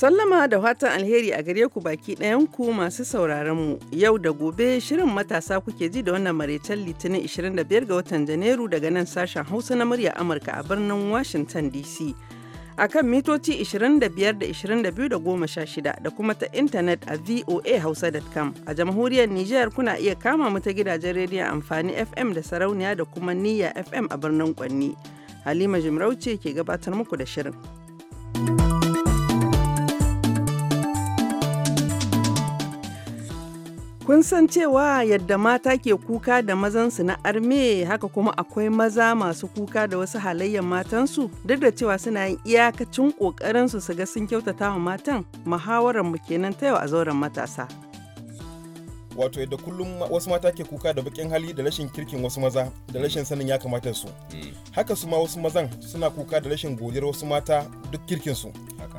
Sallama da fatan alheri a gare ku baki ɗayanku masu sauraron mu yau da gobe shirin matasa kuke ji da wannan maraicen litinin 25 ga watan Janairu daga nan sashen Hausa na murya Amurka a birnin Washington DC. A kan mitoci 25 da 22 da shida da kuma ta intanet a voahausa.com a jamhuriyar Nijar kuna iya kama mu ta gidajen rediyon amfani FM da sarauniya da kuma niyya FM a birnin Kwanni. Halima Jimarauce ke gabatar muku da shirin. Kun san cewa yadda mata ke kuka da mazansu na arme haka kuma akwai maza masu kuka da wasu halayyar matansu duk da cewa suna yin iyakacin ƙoƙarinsu su ga sun kyautata wa matan muhawarar mu kenan ta yau a zauren matasa. Wato yadda kullum wasu mata ke kuka da bakin hali da rashin kirkin wasu maza da rashin sanin ya kamata su. Eh. Haka su ma wasu mazan suna kuka da rashin godiyar wasu mata duk kirkinsu.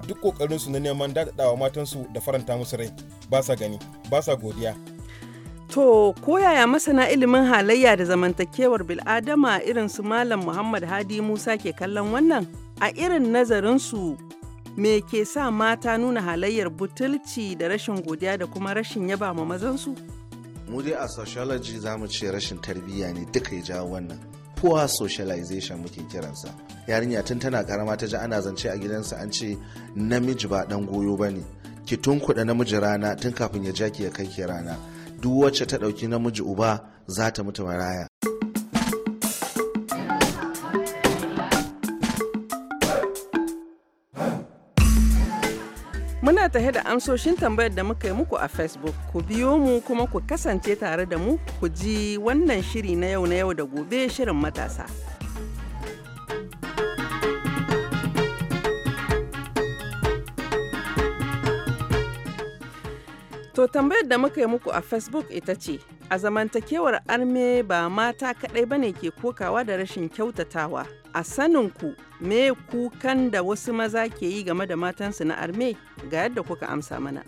Duk ƙoƙarinsu na neman daɗaɗawa matansu da faranta musu rai ba sa gani ba sa godiya To, koyaya masana ilimin halayya da zamantakewar bil'adama irin su Malam Muhammad Hadi Musa ke kallon wannan? A irin nazarinsu me ke sa mata nuna halayyar butulci da rashin godiya da kuma rashin yaba ma mazansu? Mu dai a sociology za mu ce rashin tarbiyya ne duka ya jawo wannan. Poor socialization muke kiransa. Yarinya tun tana karama ta ji ana zance a gidansa an ce namiji ba dan goyo ba ne. Ki tunkuɗa namiji rana tun kafin ya ja ki ya kai ki rana. duk wacce ta ɗauki namiji uba za ta mutu maraya Muna ta da amsoshin tambayar da muka yi muku a Facebook, ku biyo mu kuma ku kasance tare da mu ku ji wannan shiri na yau na yau da gobe shirin matasa. To tambayar da muka yi muku a Facebook ita ce, a zamantakewar arme ba mata kaɗai bane ke kokawa da rashin kyautatawa. A saninku me kukan da wasu maza ke yi game da matansu na arme ga yadda kuka amsa mana.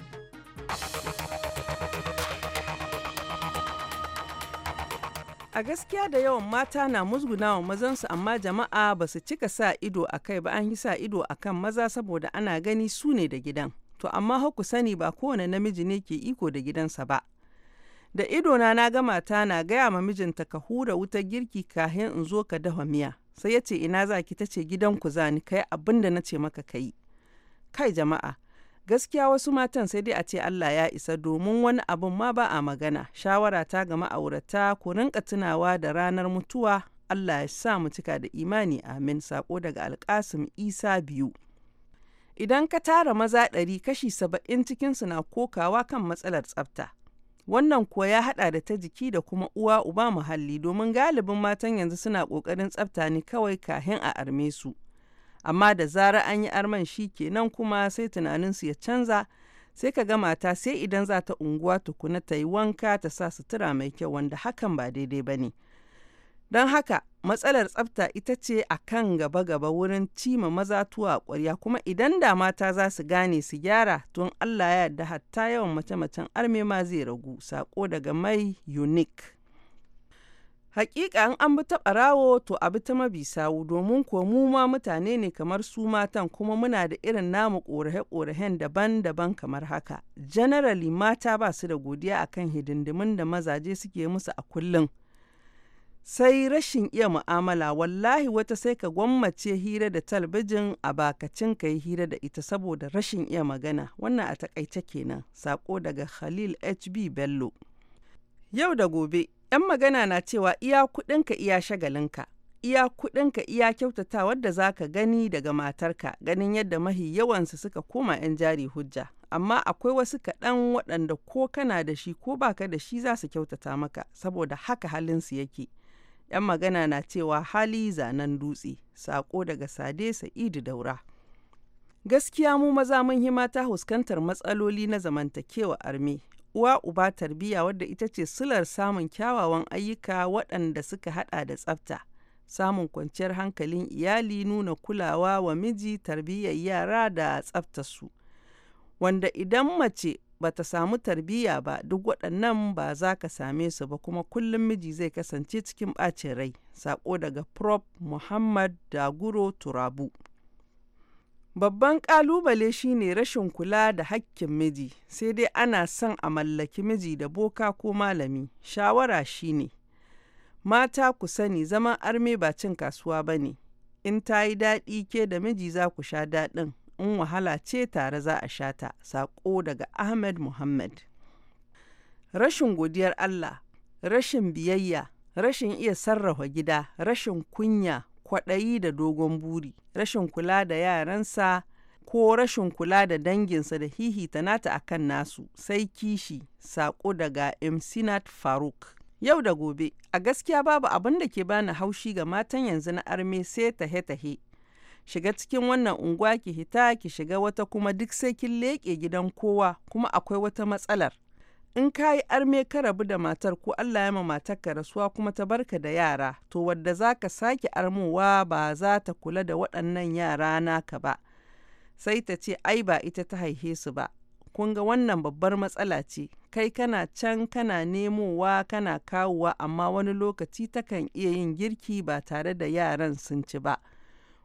A gaskiya da yawan mata na musgunawa mazansu amma jama'a ba su cika sa ido a kai ba an yi sa ido a kan maza saboda ana gani su ne da gidan. to amma har ku sani ba kowane namiji ne ke iko da gidansa ba. Da idona na ga mata na gaya ma mijinta ka hura wutar girki kahin in zo ka dafa miya. Sai ya ce ina za ki ta ce gidan ku za ni kai abin da na ce maka ka yi. Kai jama'a, gaskiya wasu matan sai dai a ce Allah ya isa domin wani abin ma ba a magana shawara ta ga ma'aurata ku rinka tunawa da ranar mutuwa Allah ya sa mu cika da imani amin sako daga alkasim isa biyu Idan ka tara maza ɗari kashi saba'in cikinsu na kokawa kan matsalar tsafta. Wannan kuwa ya haɗa da ta jiki da kuma uwa uba muhalli domin galibin matan yanzu suna ƙoƙarin tsafta ne kawai kahin a arme su. Amma da zara an yi arman shi kenan kuma sai tunaninsu ya canza sai ka ga mata sai idan za ta unguwa tukuna ta yi wanka ta sa sutura mai kyau wanda hakan ba daidai ba ne. Don haka matsalar tsafta ita ce a kan gaba-gaba wurin cima maza tuwa ƙwarya kuma idan da mata za su gane su gyara tun Allah ya yarda hatta yawan mace-macen arme ma zai ragu sako daga mai unique. Hakika in an bi ta ɓarawo to abi ta mabi sawu domin kuwa mu ma mutane ne kamar su matan kuma muna da irin namu ƙorahe-ƙorahen daban-daban kamar haka. Generally mata ba su da godiya akan hidindimin da mazaje suke musu a kullum. sai rashin iya mu'amala wallahi wata sai ka gwammace hira da talbijin a bakacin ka yi hira da ita saboda rashin iya magana wannan a takaice kenan sako daga khalil hb bello yau da gobe 'yan magana na cewa iya kudinka iya shagalinka iya kudinka iya kyautata wadda za ka gani daga matarka ganin yadda mahi yawansu suka koma 'yan jari hujja amma akwai wasu kaɗan waɗanda ko kana da shi ko baka da shi za su kyautata maka saboda haka halinsu yake 'Yan magana na cewa hali zanen dutse, sako daga Sade Sa'idu Daura. Gaskiya mu maza mun hi mata huskantar matsaloli na zamantakewa arme. Uwa uba tarbiyya wadda ita ce sular samun kyawawan ayyuka waɗanda suka hada da tsafta. Samun kwanciyar hankalin iyali nuna kulawa wa miji tarbiyyar yara da tsaftarsu. Wanda idan mace bata samu tarbiyya ba duk waɗannan ba za ka same su ba kuma kullum miji zai kasance cikin ɓacin rai saƙo daga prof muhammad daguro turabu babban ƙalubale shine rashin kula da hakkin miji sai dai ana son a mallaki miji da boka ko malami shawara shine mata ku sani zaman arme ba cin kasuwa ba ne in ta yi daɗi ke da miji za ku sha daɗin in wahala ce tare za a sha ta saƙo daga Ahmed Muhammad. Rashin godiyar Allah, rashin biyayya, rashin iya sarrafa gida, rashin kunya, kwaɗayi da dogon buri, rashin kula da yaransa ko rashin kula da danginsa da hihi ta nata a kan nasu sai kishi saƙo daga Sinat Faruk. Yau da gobe, a gaskiya babu abin da ke bani haushi ga matan yanzu na arme sai tahe-tahe shiga cikin wannan unguwa ki hita ki shiga wata kuma duk sai kin leƙe gidan kowa kuma akwai wata matsalar in ka yi arme ka rabu da matar ko Allah ya ma matar ka rasuwa kuma ta barka da yara to wadda za ka sake armowa ba za ta kula da waɗannan yara naka ba sai ta ce ai ba ita ta haihe su ba kun ga wannan babbar matsala ce kai kana can kana nemowa kana kawowa amma wani lokaci takan iya yin girki ba tare da yaran sun ci ba.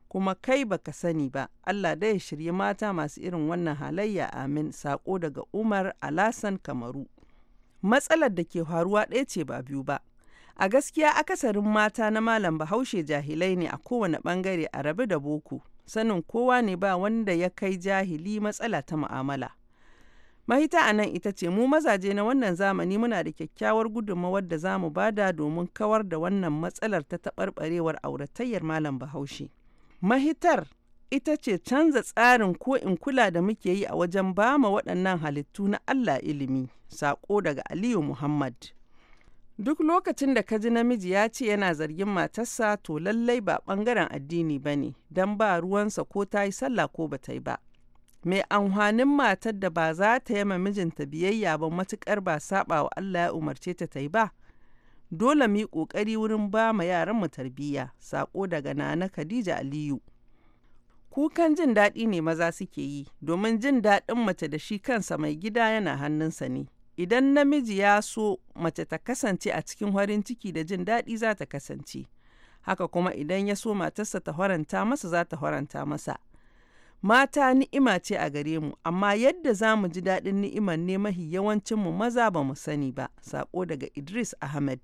kuma kai baka sani ba Allah da ya shirye mata masu irin wannan halayya amin sako daga Umar Alasan Kamaru matsalar da ke faruwa ɗaya ce ba biyu ba a gaskiya akasarin mata na malam bahaushe jahilai ne a kowane bangare a rabu da boko sanin kowa ne ba wanda ya kai jahili matsala ta mu'amala mahita a nan ita ce mu mazaje na wannan zamani muna da kyakkyawar gudunmawar da za mu bada domin kawar da wannan matsalar ta taɓarɓarewar auratayyar malam bahaushe Mahitar ita ce canza tsarin ko in kula da muke yi a wajen bama waɗannan halittu na Allah ilimi, saƙo daga Aliyu Muhammad. Duk lokacin da ka ji namiji ya ce yana zargin matarsa to lallai ba ɓangaren addini ba ne, don ba ruwansa ko ta yi sallah ko ba ta yi ba. Mai amfanin matar da ba za ta yi mijinta biyayya ba matuƙar ba saɓa wa Allah ya umarce ta ta yi ba, Dole mu yi ƙoƙari wurin ba ma yaranmu tarbiyya, sako daga Nana Khadija Aliyu. Kukan jin daɗi ne maza suke yi, domin jin daɗin mace da shi kansa mai gida yana hannunsa ne. Idan namiji ya so mace ta kasance a cikin farin ciki da jin daɗi za ta kasance. Haka kuma idan ya so matarsa ta faranta masa za ta faranta masa. Mata ni'ima ce a gare mu, amma yadda za mu ji daɗin ni'imar ne mahi yawancin mu maza ba mu sani ba. Sako daga Idris Ahmed.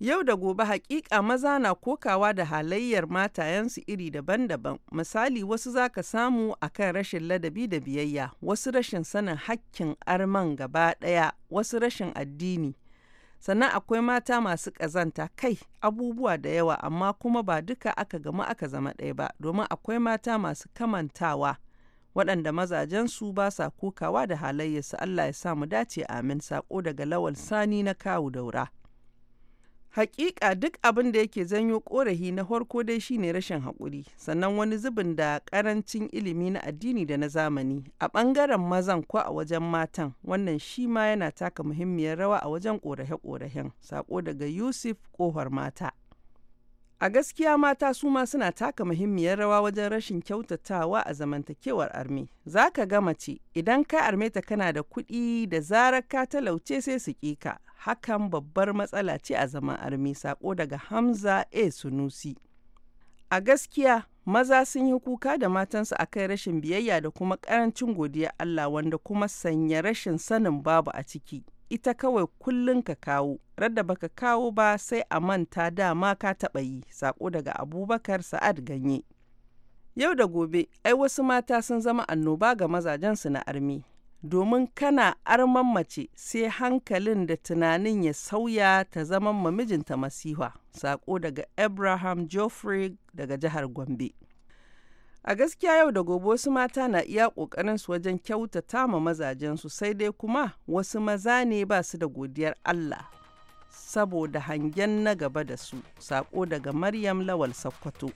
Yau da gobe hakika maza na kokawa da halayyar matayensu iri daban-daban. Misali wasu za ka samu a kan rashin ladabi da biyayya, wasu rashin sanin hakkin arman gaba ɗaya, wasu rashin addini. sannan akwai mata masu ƙazanta kai abubuwa da yawa amma kuma ba duka aka gamu aka zama ɗaya ba domin akwai mata masu kamantawa waɗanda mazajensu ba sa kokawa da halayyarsu Allah ya sa mu dace amin sako daga lawal sani na kawu daura. Hakika duk abin da yake zanyo korafi na farko dai shine rashin haƙuri, sannan wani zubin da ƙarancin ilimi na addini da na zamani, a ɓangaren mazan ko a wajen matan, wannan shi ma yana taka muhimmiyar rawa a wajen korafe-korafen. Sako daga Yusuf Kohar Mata. A gaskiya mata su ma suna taka muhimmiyar rawa wajen rashin kyautatawa a zamantakewar arme. Za ka ga mace, idan ka arme ta kana da kuɗi da zarar ka talauce sai su ƙi ka. hakan babbar matsala ce a zaman armi sako daga hamza a sunusi a gaskiya maza sun yi kuka da matansu a kai rashin biyayya da kuma karancin godiya allah wanda kuma sanya rashin sanin babu a ciki ita kawai kullum ka kawo radda baka kawo ba sai a manta dama ka taɓa yi sako daga abubakar sa'ad ganye yau da gobe ai wasu mata sun zama annoba ga mazajensu na armi domin kana arman mace sai hankalin da tunanin ya sauya ta zama ma mijinta masiha. Sako daga Abraham Joffrey daga jihar Gombe. A gaskiya yau da gobe wasu mata na iya su wajen kyautata ma mazajensu sai dai kuma wasu maza ne ba su da godiyar Allah saboda hangen na gaba da su. Sako daga Maryam Lawal Sakkwato.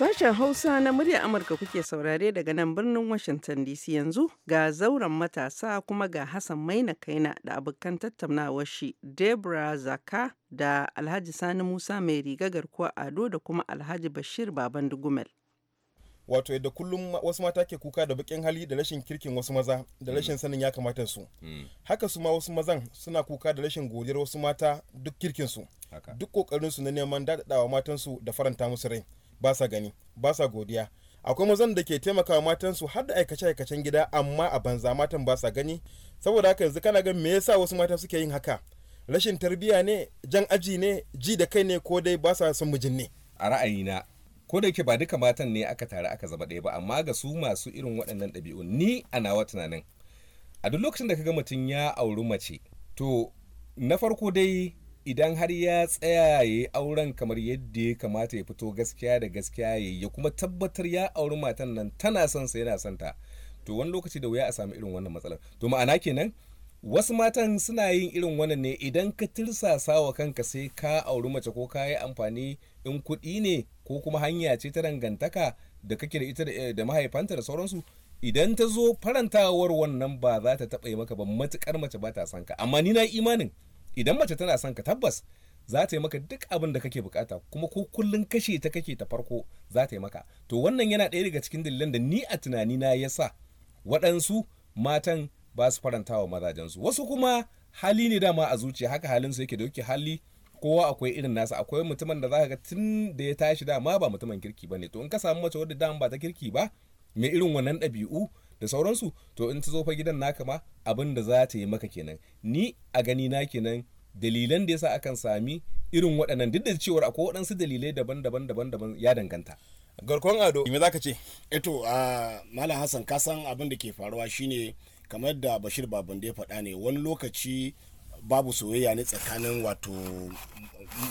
Sashen Hausa na muryar Amurka kuke saurare daga nan birnin Washington DC yanzu ga zauren matasa kuma ga Hassan Maina Kaina da abokan tattaunawar shi Debra Zaka da Alhaji Sani Musa mai riga garkuwa Ado da kuma Alhaji Bashir Baban Dugumel. Wato yadda kullum wasu mata ke kuka da bakin hali da rashin kirkin wasu maza da rashin mm. sanin ya kamata su. Mm. Haka su ma wasu mazan suna kuka da rashin godiyar wasu mata duk kirkin su. Duk kokarin su na neman dadadawa matansu da faranta musu rai. ba sa gani ba sa godiya akwai mazan da ke taimakawa su har da aikace-aikacen gida amma a banza matan ba sa gani saboda haka yanzu kana ga me yasa wasu mata suke yin haka rashin tarbiya ne jan aji ne ji da kai ne ko dai ba sa son mijin ne a ra'ayina ko da yake ba duka matan ne aka tare aka zama ɗaya ba amma ga su masu irin waɗannan ɗabi'un ni a nawa tunanin a duk lokacin da kaga mutum ya auri mace to na farko dai idan har ya tsaya ya auren kamar yadda ya kamata ya fito gaskiya da gaskiya ya ya kuma tabbatar ya auri matan nan tana son sa yana son ta to wani lokaci da wuya a samu irin wannan matsalar to ma'ana kenan wasu matan suna yin irin wannan ne idan ka tirsasa wa kanka sai ka auri mace ko ka yi amfani in kuɗi ne ko kuma hanya ce ta dangantaka da kake da ita eh, da mahaifanta da sauransu idan ta zo farantawar wannan ba za ta taɓa yi maka ba matuƙar mace ba ta son ka amma ni na imanin idan mace tana son ka tabbas za ta yi maka duk abin da kake bukata kuma ko kullun kashe ta kake ta farko za ta yi maka to wannan yana ɗaya daga cikin dalilan da ni a tunanina ya sa waɗansu matan ba su faranta wa mazajensu wasu kuma hali ne dama a zuciya haka halin su yake da yake hali kowa akwai irin nasa akwai mutumin da zaka ga tun da ya tashi dama ba mutumin kirki ne. to in ka samu mace wadda dama ba ta kirki ba mai irin wannan ɗabi'u da sauransu to in ta zo fa gidan naka ma abin da za ta yi maka kenan ni a gani na kenan dalilan da yasa akan sami irin waɗannan duk da cewar akwai waɗansu dalilai daban-daban daban-daban ya danganta garkon ado me zaka ce eto eh a malam hassan ka san abin da ke faruwa shine kamar da bashir baban da ya faɗa ne wani lokaci babu soyayya ne tsakanin wato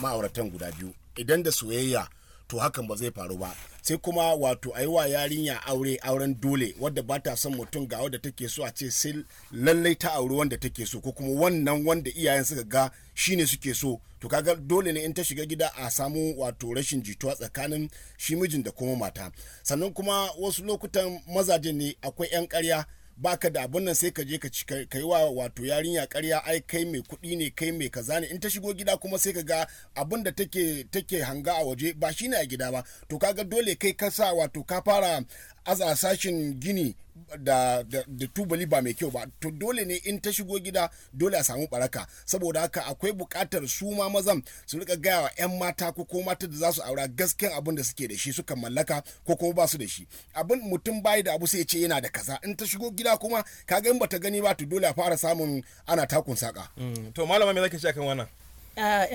ma'auratan guda biyu idan da soyayya to hakan ba zai faru ba sai kuma wato a yi wa yarinya aure auren dole wadda ba ta son mutum ga wadda take so a ce sai lallai ta auri wanda take so ko kuma wannan wanda iyayen suka ga shine suke so to kaga dole ne in ta shiga gida a samu wato rashin jituwa tsakanin shi mijin da kuma mata sannan kuma wasu lokutan mazaje ne akwai 'yan karya baka da abun nan sai ka je ka kai wa wato yarinya karya ai kai mai kuɗi ne kai mai kaza ne in ta shigo gida kuma sai ka ga abun da take take hanga a waje ba shi ne a gida ba to kaga dole kai ka sa wato ka fara aza sashin gini da, da, da tubali ba mai kyau ba to dole ne in ta shigo gida dole a samu baraka saboda haka akwai bukatar su ma mazan su rika gaya wa 'yan mata ko ko mata da za su aura gasken abin da suke da shi suka mallaka ko kuma ba su da shi abin mutum bai da abu sai ya ce yana da kaza in ta shigo gida kuma kaga in bata gani ba to dole a fara samun ana takun saka mm, to malama me zaki ce akan wannan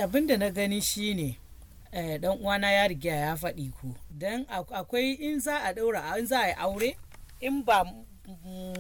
abin da na gani shine dan eh, uwana ya riga ya faɗi ko dan akwai in za a daura in za a yi aure in ba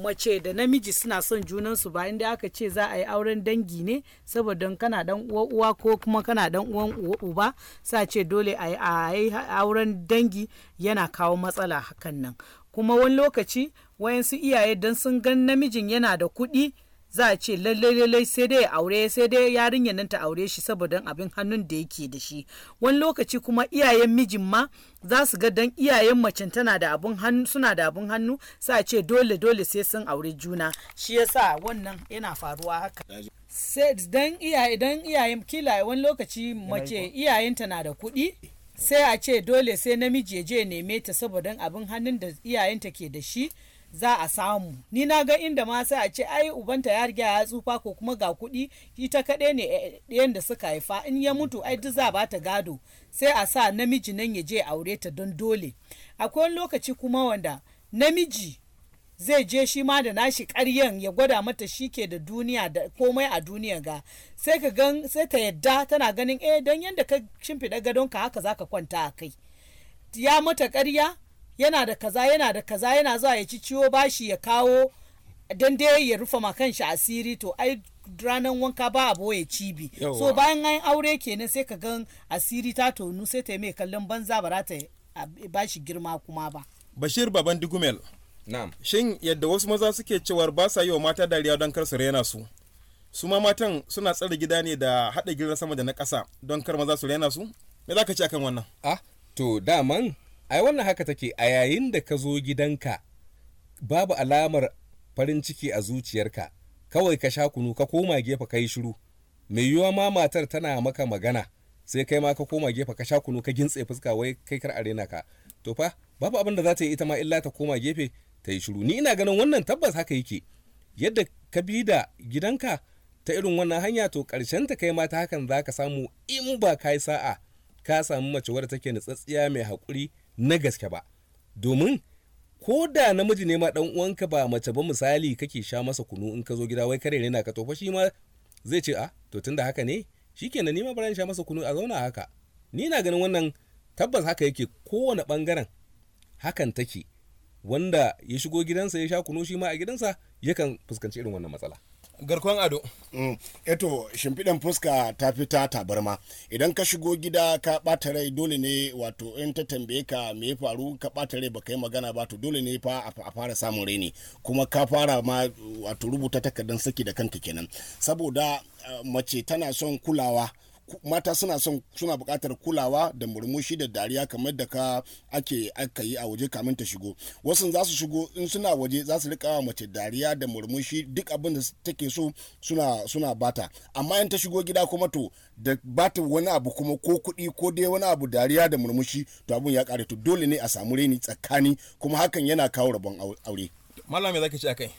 mace da namiji suna son junansu ba inda aka ce za a yi auren dangi ne saboda kana dan uwa uwa ko kuma kana dan uwan uba sa ce dole a yi auren dangi yana kawo matsala hakan nan kuma wani lokaci wayansu iyaye don sun gan namijin yana da kuɗi za a ce lallai lallai sai dai aure sai dai yarinyar nan ta aure shi saboda abin hannun da yake da shi wani lokaci kuma iyayen mijin ma za su ga dan iyayen macen tana da abun hannu suna da abun hannu sai a ce dole dole sai sun aure juna shi yasa wannan yana faruwa haka sai dan iyaye dan iyayen kila wani lokaci mace iyayenta na da kuɗi sai a ce dole sai namiji ya je neme ta saboda abin hannun da iyayenta ke da shi za a samu ni na ga inda ma sai a ce ai ubanta ya riga ya tsufa ko kuma ga kuɗi ita kaɗai ne eh, ɗayan da suka haifa in ya mutu ai duk za ba ta gado sai a sa namiji nan ya je aure ta don dole akwai lokaci kuma wanda namiji zai je shi ma da nashi karyan ya gwada mata shi ke da duniya da komai a duniya ga sai ka gan sai ta yadda tana ganin eh dan yadda ka shimfiɗa gadonka haka zaka kwanta a kai ya mata karya yana da kaza yana da kaza yana zuwa ya ci ciwo bashi ya kawo don dai ya rufa ma kanshi asiri to ai ranan wanka ba a boye cibi so bayan an aure kenan sai ka gan asiri ta tonu sai ta mai kallon banza ba za ta ba girma kuma ba bashir baban digumel na'am shin yadda wasu maza suke cewar ba sa yi wa mata dariya don kar su rena su su ma matan suna tsare gida ne da hada gidan sama da na kasa don kar maza su rena su me za ka ce akan wannan ah to daman ai wannan haka take a yayin da ka zo gidanka babu alamar farin ciki a zuciyarka kawai ka sha kunu ka koma gefe ka yi shiru mai yiwuwa ma matar tana maka magana sai kai ma ka koma gefe ka sha kunu ka gintse fuska wai kai kar arena ka to fa babu abin da za ta yi ita ma illa ta koma gefe ta yi shiru ni ina ganin wannan tabbas haka yake yadda ka bi da gidanka ta irin wannan hanya to karshen ta kai ma ta hakan za ka samu in ba ka yi sa'a ka samu mace wadda take nutsatsiya mai haƙuri na gaske ba domin ko da namiji ne ma dan uwanka ba mace ba misali kake sha masa kunu in ka zo gida wai kare na ka tofa fa shi ma zai ce a ah, to tunda haka ne shikenan ni ma bari sha masa kunu a zauna haka ni na ganin wannan tabbas haka yake kowane bangaren hakan take wanda ya shigo gidansa ya sha kunu shi ma a gidansa yakan fuskanci irin wannan matsala garkon ado mm. eto shimfiɗan fuska ta fita tabarma idan ka shigo gida ka ɓata rai dole ne wato in ta tambaye ka me ya faru ka ɓata rai baka yi magana ba to dole ne fa a fara samun raini kuma ka fara ma wato rubuta takardar saki da kanka kenan saboda eh, mace tana son kulawa mata suna son suna buƙatar kulawa da murmushi da dariya kamar da ka ake aka yi a waje kamin ta shigo wasu za su shigo in suna waje za su riƙa mace dariya da murmushi duk abin da take so suna suna bata amma in ta shigo gida kuma to da bata wani abu kuma ko kuɗi ko dai wani abu dariya da murmushi to abun ya ƙare to dole ne a samu reni tsakani kuma hakan yana kawo rabon aure malami zaka ce akai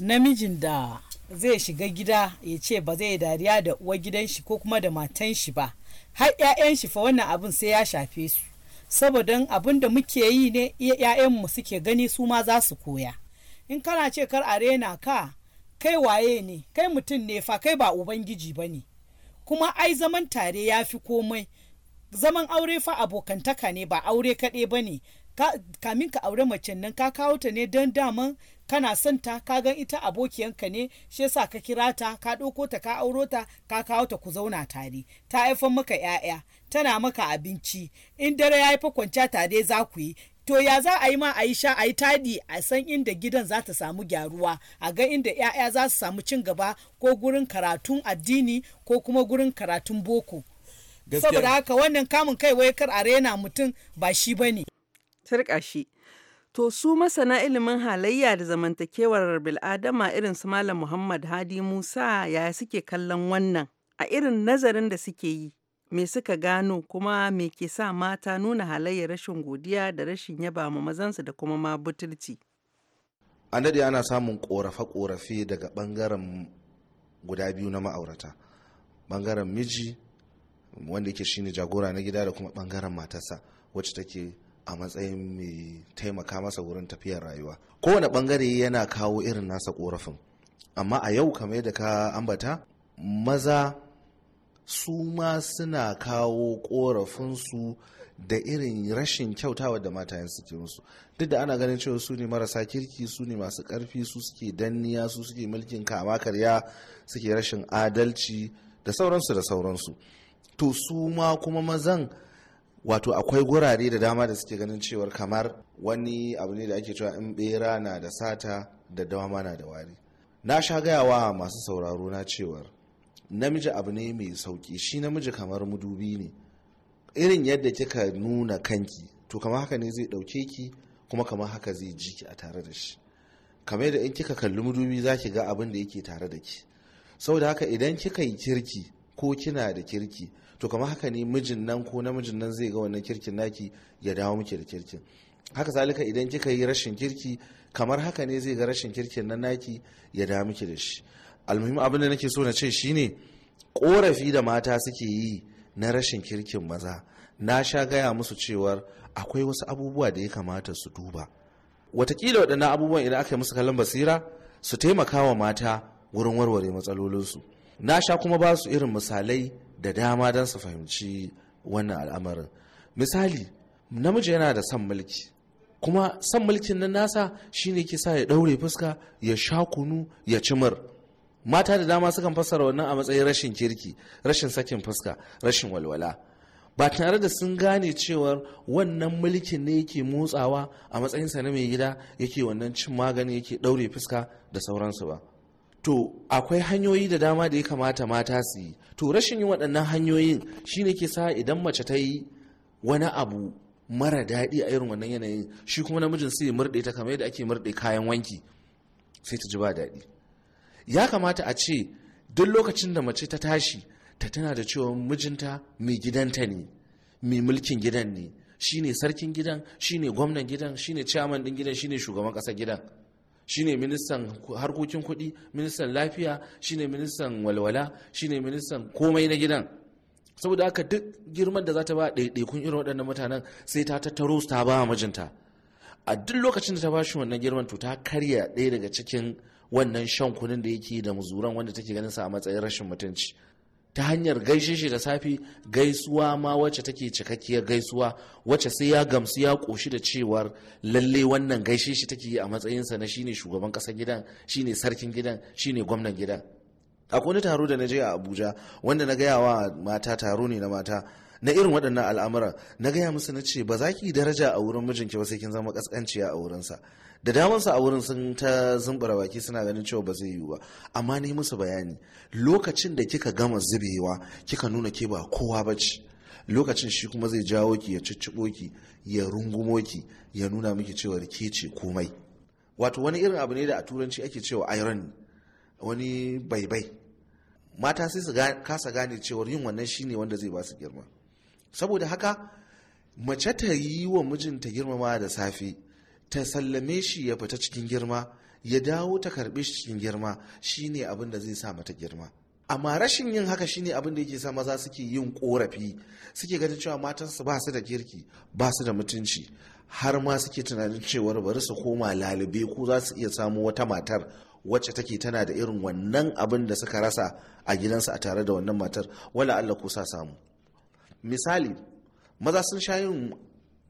namijin da zai shiga gida ya ce ba zai dariya da uwar gidan shi ko kuma da matan shi ba har 'ya'yan shi fa wannan abin sai ya shafe su saboda abin da muke yi ne mu suke gani su ma za su koya in kana ce kar a rena ka kai waye ne kai mutum ne fa kai ba ubangiji ba ne kuma ai zaman tare ya fi komai zaman aure fa abokantaka ne ba aure kaɗai ba ne kamin ka aure mace nan ka kawo ta ne don daman kana son ta ka gan ita abokiyanka ne shi yasa ka kira ta ka ɗauko ta ka auro ta ka kawo ta ku zauna tare ta haifan maka 'ya'ya tana maka abinci in dare ya haifa kwanciya tare za ku yi to ya za a yi ma a yi sha a yi tadi a san inda gidan za ta samu gyaruwa a ga inda 'ya'ya za su samu cin gaba ko gurin karatun addini ko kuma gurin karatun boko saboda haka wannan kamun kai wai kar a rena mutum ba shi bane ta shi. To su masana ilimin halayya da zamantakewar bil'adama irin su Malam Muhammad Hadi Musa ya suke kallon wannan a irin nazarin da suke yi. Me suka gano kuma me ke sa mata nuna halayyar rashin godiya da rashin yaba ma mazansu da kuma ma butulci. An daɗe ana samun ƙorafe-ƙorafe daga ɓangaren guda biyu na ma'aurata. bangaren miji wanda yake shine jagora na gida da kuma bangaren matarsa wacce take a matsayin mai taimaka masa wurin tafiyar rayuwa kowane bangare yana kawo irin nasa korafin amma a yau kamar yadda ka ambata maza su ma suna kawo korafinsu da irin rashin kyautawa da matayen suke musu duk da ana ganin cewa su ne marasa kirki su ne masu karfi su suke danniya su suke mulkin kama karya suke rashin adalci da sauransu da sauransu to su ma kuma mazan wato akwai gurare da dama da suke ganin cewar kamar wani abu ne da ake cewa in bera na da sata da dama na da wari na sha gaya wa masu sauraro na cewar namiji abu ne mai sauki shi namiji kamar mudubi ne irin yadda kika nuna kanki to kamar haka ne zai dauke ki kuma kamar haka zai ji ki a tare da shi kamar yadda in kika kalli mudubi za ki ga abin da yake tare da ki saboda haka idan kika yi kirki ko kina da kirki to kamar haka ne mijin nan ko namijin nan zai ga wannan kirkin naki ya dawo miki da kirkin haka zalika idan kika yi rashin kirki kamar haka ne zai ga rashin kirkin nan naki ya dawo miki da shi almuhim abin da nake so na ce shine korafi da mata suke yi na rashin kirkin maza na sha gaya musu cewar akwai wasu abubuwa da ya kamata su duba watakila waɗannan abubuwan idan aka yi musu kallon basira su taimaka wa mata wurin warware matsalolinsu na sha kuma ba su irin misalai da dama don su fahimci wannan al'amarin misali namiji yana da son mulki kuma son mulkin nan nasa shine ke sa ya daure fuska ya sha kunu ya ci mur. mata da dama sukan fassara wannan a matsayin rashin kirki rashin sakin fuska rashin walwala ba tare da sun gane cewar wannan mulkin ne yake motsawa a matsayinsa na mai gida yake wannan cin magani yake daure fuska da sauransu ba to akwai hanyoyi da dama da ya kamata mata su yi to rashin yin waɗannan hanyoyin shine ke sa idan mace ta yi wani abu mara daɗi a irin wannan yanayin shi kuma namijin sai murɗe ta kamar yadda ake murɗe kayan wanki sai ta ji ba daɗi ya kamata a ce duk lokacin da mace ta tashi ta tana da cewa mijinta mai gidanta ne mai mulkin gidan ne shine sarkin gidan shine gwamnan gidan shine chairman din gidan shine shugaban ƙasar gidan shine ministan harkokin kuɗi ministan lafiya shine ministan walwala shine ministan komai na gidan saboda haka duk girman da za ta ba ɗaiɗaikun irin waɗannan mutanen sai ta tattaro ta ba mijinta a duk lokacin da ta ba shi wannan girman to ta karya ɗaya daga cikin wannan shan kunin da yake da muzuran wanda take ganin sa a matsayin rashin mutunci ta hanyar gaishe shi da safi gaisuwa ma wacce take cikakkiyar gaisuwa wacce sai ya gamsu ya koshi da cewar lalle wannan gaishe shi take yi a matsayinsa na shine shugaban ƙasar gidan shine sarkin gidan shine gwamnan gidan akwai wani taro da na je a abuja wanda na gaya wa mata taro ne na mata na irin waɗannan al'amuran, na gaya musu na ce ba za ki daraja a wurin mijinki ba sai kin zama kaskanciya a wurinsa da damansa a wurin sun ta zumbura baki suna ganin cewa ba zai yiwu ba amma ni musu bayani lokacin da kika gama zubewa kika nuna ke ba kowa ba ce lokacin shi kuma zai jawo ki ya cicciɓo ki ya rungumo ki ya nuna miki cewa ke ce komai wato wani irin abu ne da a turanci ake cewa iron wani baibai mata sai su kasa gane cewar yin wannan shine wanda zai ba su girma saboda haka mace ta yi wa mijinta girmama da safe ta sallame shi ya fita cikin girma ya dawo ta karbe shi cikin girma shine abin da zai sa mata girma amma rashin yin haka shine abin da yake sa maza suke yin korafi suke ganin cewa matansu ba su da kirki ba su da mutunci har ma suke tunanin cewa bari su koma lalube ko za su iya samu wata matar wacce take tana da irin wannan abin da suka rasa a gidansu a tare da wannan matar wala Allah ko sa samu misali maza sun sha yin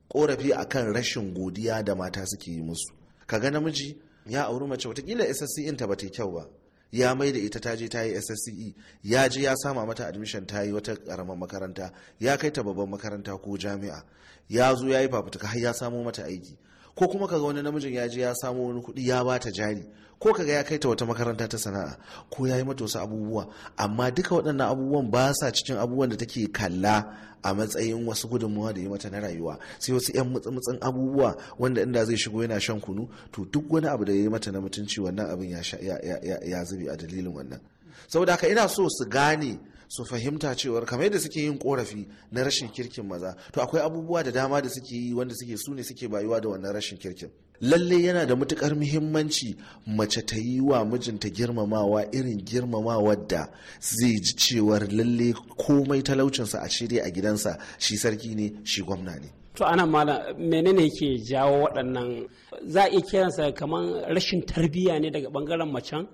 korafi kan rashin godiya da mata suke yi musu Ka ga namiji ya auri mace watakila ssce ta bata kyau ba ya mai da ita taje ta yi ssce ya je ya sama mata admission ta yi wata karamar makaranta ya kai ta babban makaranta ko jami'a ya zo ya yi fafutuka har ya samo mata aiki ko kuma kaga wani namijin ya je ya samo wani kuɗi ya bata jari ko kaga ya kai ta wata makaranta ta sana'a ko ya yi mata wasu abubuwa amma duka waɗannan abubuwan ba sa cikin abubuwan da take kalla a matsayin wasu gudunmawa da ya mata na rayuwa sai wasu 'yan mutsumutsun abubuwa wanda inda zai shigo yana shan kunu to duk wani abu da ya yi mata na mutunci wannan abin ya zube a dalilin wannan saboda haka ina so su gane su fahimta cewar kamar yadda suke yin korafi na rashin kirkin maza to akwai abubuwa da dama da suke yi wanda suke su suke bayuwa da wannan rashin kirkin lalle yana da matukar muhimmanci mace ta yi wa mijinta girmamawa irin girmamawa da zai ji cewar lalle komai talaucinsa a shirya a gidansa shi sarki ne shi gwamna ne to ana mala menene ke jawo waɗannan za a iya kiransa kamar rashin tarbiyya ne daga bangaren macen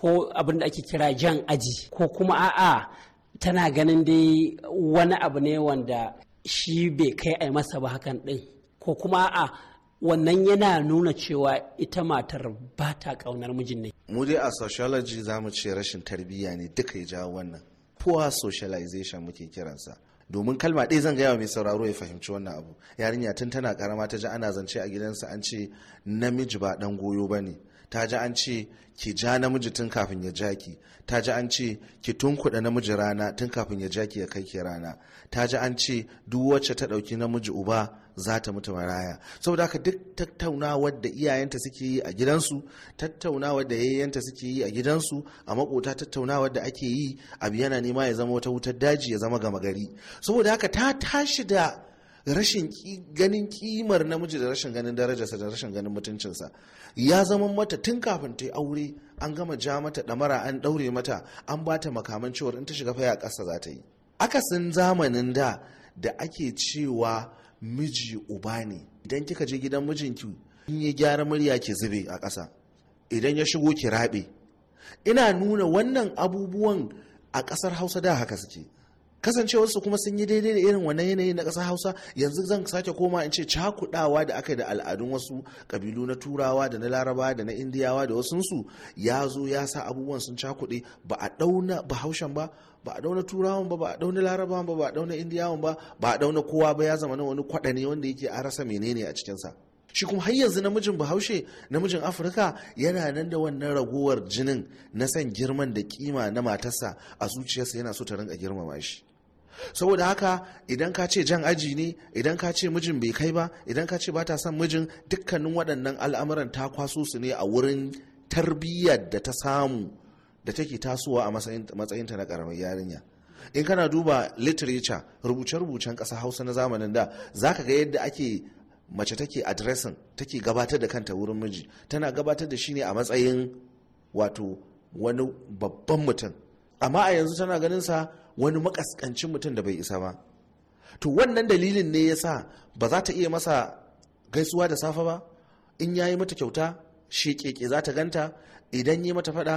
ko abin da ake kira jan aji ko kuma a'a tana ganin dai wani abu ne wanda shi bai kai a masa ba hakan ɗin ko kuma a'a wannan yana nuna cewa ita matar ba ta ƙaunar mijin ne. mu dai a sociology za mu ce rashin tarbiyya ne duka ya jawo wannan poor socialization muke kiransa domin kalma ɗaya zan gaya mai sauraro ya fahimci wannan abu yarinya tun tana karama ta ji ana zance a gidansa an ce namiji ba dan goyo ba ne ta ji an ce ki ja namiji tun kafin ya ja ki ta ji an ce ki tunkuɗa namiji rana tun kafin ya ja ki ya kai ki rana ta ji an ce duk wacce ta ɗauki namiji uba za ta mutu maraya saboda haka duk tattaunawar da iyayenta suke yi a gidansu tattaunawar da yayyanta suke yi a gidansu a makota tattaunawar da ake yi abu yana nema ya zama wata wutar daji ya zama gama gari saboda haka ta tashi da rashin ganin kimar namiji da rashin ganin darajarsa da rashin ganin mutuncinsa ya zama mata tun kafin ta yi aure an gama ja mata ɗamara an ɗaure mata an ba ta makaman cewar in ta shiga faya ƙasa za ta yi akasin zamanin da da ake cewa miji uba ne idan kika je gidan mijinki in ya gyara murya ke zube a ƙasa idan ya shigo ki raɓe ina nuna wannan abubuwan a ƙasar hausa da haka suke kasancewarsu kuma sun yi daidai da irin wannan yanayi na ƙasar hausa yanzu zan sake koma in ce cakudawa da aka yi da al'adun wasu ƙabilu na turawa da na laraba da na indiyawa da wasunsu ya zo ya sa abubuwan sun cakuɗe ba a ɗauna bahaushen ba ba a dauna turawan ba ba a dauna larabawan ba ba a dauna indiyawan ba ba a dauna kowa ba ya zama na wani kwaɗani wanda yake a rasa menene a sa shi kuma har yanzu namijin bahaushe namijin afirka yana nan da wannan ragowar jinin na san girman da kima na matarsa a zuciyarsa yana so ta rinka girmama shi saboda haka idan ka ce jan aji ne idan ka ce mijin bai kai ba idan ka ce ba ta son mijin dukkanin waɗannan al'amuran ta kwaso su ne a wurin tarbiyyar da ta samu da take tasowa a matsayinta na karamar yarinya in kana duba literature rubuce-rubucen ƙasa hausa na zamanin da za ka ga yadda ake mace take addressing take gabatar da kanta wurin miji tana gabatar da shi ne a matsayin wato wani babban mutum amma a yanzu tana ganin sa wani makaskancin mutum da bai isa ba to wannan dalilin ne ya sa ba za ta iya masa gaisuwa da safe ba in ya yi mata kyauta shi keke za ta ganta idan yi mata fada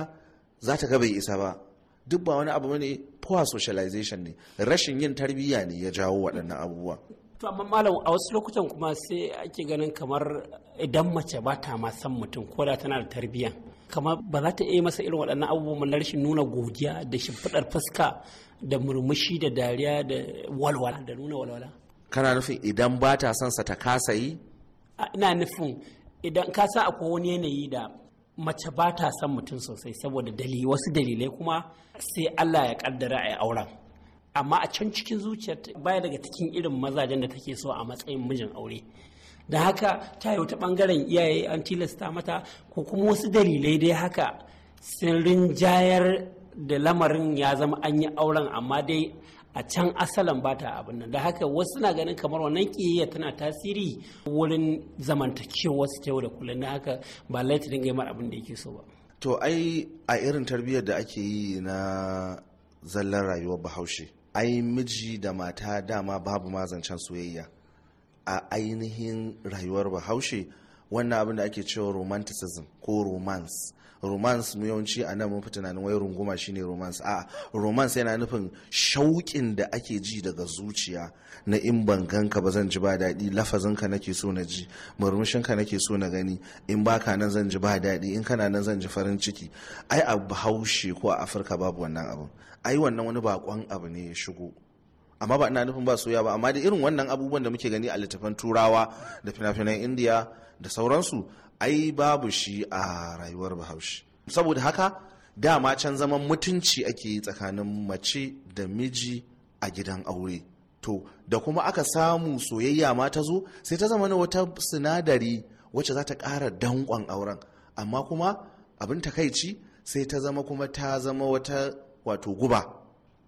za ta ga bai isa ba duk ba wani abu ne poor socialization ne rashin yin tarbiyya ne ya jawo waɗannan abubuwa to amma malam a wasu lokutan kuma sai ake ganin kamar idan mace ba ta ma san mutum ko da tana da tarbiyya kamar ba za ta iya masa irin waɗannan abubuwan na rashin nuna godiya da shimfiɗar fuska da murmushi da dariya da walwala da nuna walwala kana nufin idan ba ta son sa ta kasa yi ina nufin idan ka san akwai wani yanayi da mace ba ta son mutum sosai saboda dalili wasu dalilai kuma sai Allah ya kaddara a auren amma a can cikin zuciyar baya daga cikin irin mazajen da take so a matsayin mijin aure da haka ta yi wata bangaren iyaye an tilasta mata ko kuma wasu dalilai dai haka sun rinjayar da lamarin ya zama an yi auren amma dai a can asalan ba ta abin nan da haka wasu na ganin kamar wannan kiyayya tana tasiri wurin zamantakewar su yau da kullum da haka ba laifin dinga yi abin da yake so ba to ai a irin tarbiyyar da ake yi na zallar rayuwar bahaushe ai miji da mata dama babu zancen soyayya a ainihin rayuwar bahaushe wannan abin da ake cewa romanticism ko romance romance mu yawanci a nan mun fi tunanin wai runguma shine romance a'a romance yana nufin shauƙin da ake ji daga zuciya na in ban ganka ba zan ji ba daɗi ka nake so na ji murmushinka nake so na gani in baka nan zan ji ba daɗi in kana nan zan ji farin ciki ai a bahaushe ko a afirka babu wannan abu ai wannan wani bakon abu ne ya shigo amma ba ina nufin ba soya ba amma da irin wannan abubuwan da muke gani a littafan turawa da fina-finan indiya da sauransu ai babu shi a rayuwar bahaushe saboda haka dama can zaman mutunci ake yi tsakanin mace da miji a gidan aure to da kuma aka samu soyayya ma ta zo sai ta zama na wata sinadari wacce za ta ƙara danƙon auren amma kuma abin takaici sai ta zama kuma ta zama wata wato guba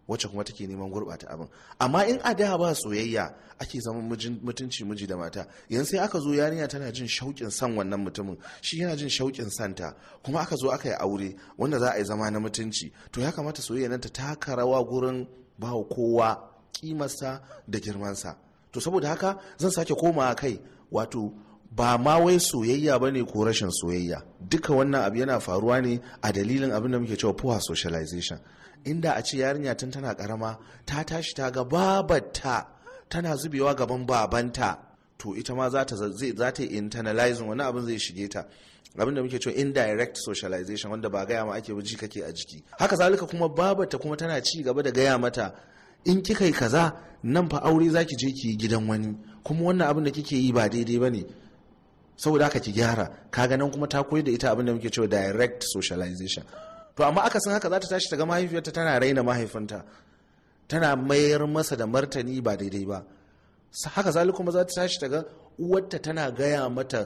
wacce kuma take neman gurɓata abin amma in a da ba soyayya ake zama mutunci miji da mata yanzu sai aka zo yarinya tana jin shaukin san wannan mutumin shi yana jin shaukin santa kuma aka zo aka yi aure wanda za a yi zama na mutunci to ya kamata soyayya nan ta taka rawa gurin ba kowa kimarsa da girmansa to saboda haka zan sake komawa kai wato ba ma wai soyayya ba ne ko rashin soyayya duka wannan abu yana faruwa ne a dalilin abin da muke cewa poor socialization inda a ce yarinya tun tana karama ta tashi ta ga babarta tana zubewa gaban babanta to ita ma za ta za internalizing wani abin zai shige ta abin da muke cewa indirect socialization wanda ba gaya ma ake ji kake a jiki haka zalika kuma babarta kuma tana ci gaba da gaya mata in kika yi kaza nan fa aure zaki je ki yi gidan wani kuma wannan abin da kike yi ba daidai bane saboda haka ki gyara kaga nan kuma ta koyar da ita abin da muke cewa direct socialization to amma aka san haka za ta tashi ta ga mahaifiyarta tana raina mahaifinta tana mayar masa da martani ba daidai ba haka zali kuma za ta tashi ta ga uwarta tana gaya mata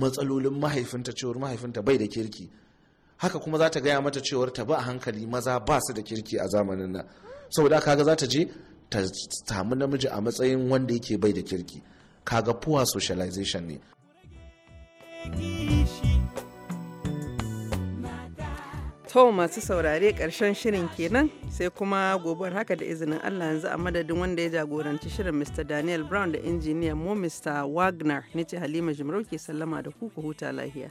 matsalolin mahaifinta cewar mahaifinta bai da kirki haka kuma za ta gaya mata cewar ta ba a hankali maza ba su da kirki a zamanin nan saboda kaga za ta je ta samu namiji a matsayin wanda yake bai da kirki kaga puwa socialization ne To masu saurare ƙarshen shirin kenan sai kuma gobar haka da izinin Allah yanzu a madadin wanda ya jagoranci shirin Mr. Daniel Brown da injiniyan mu Mr. Wagner ni ce Halima Jimarau ke sallama da ku ku huta lahiya.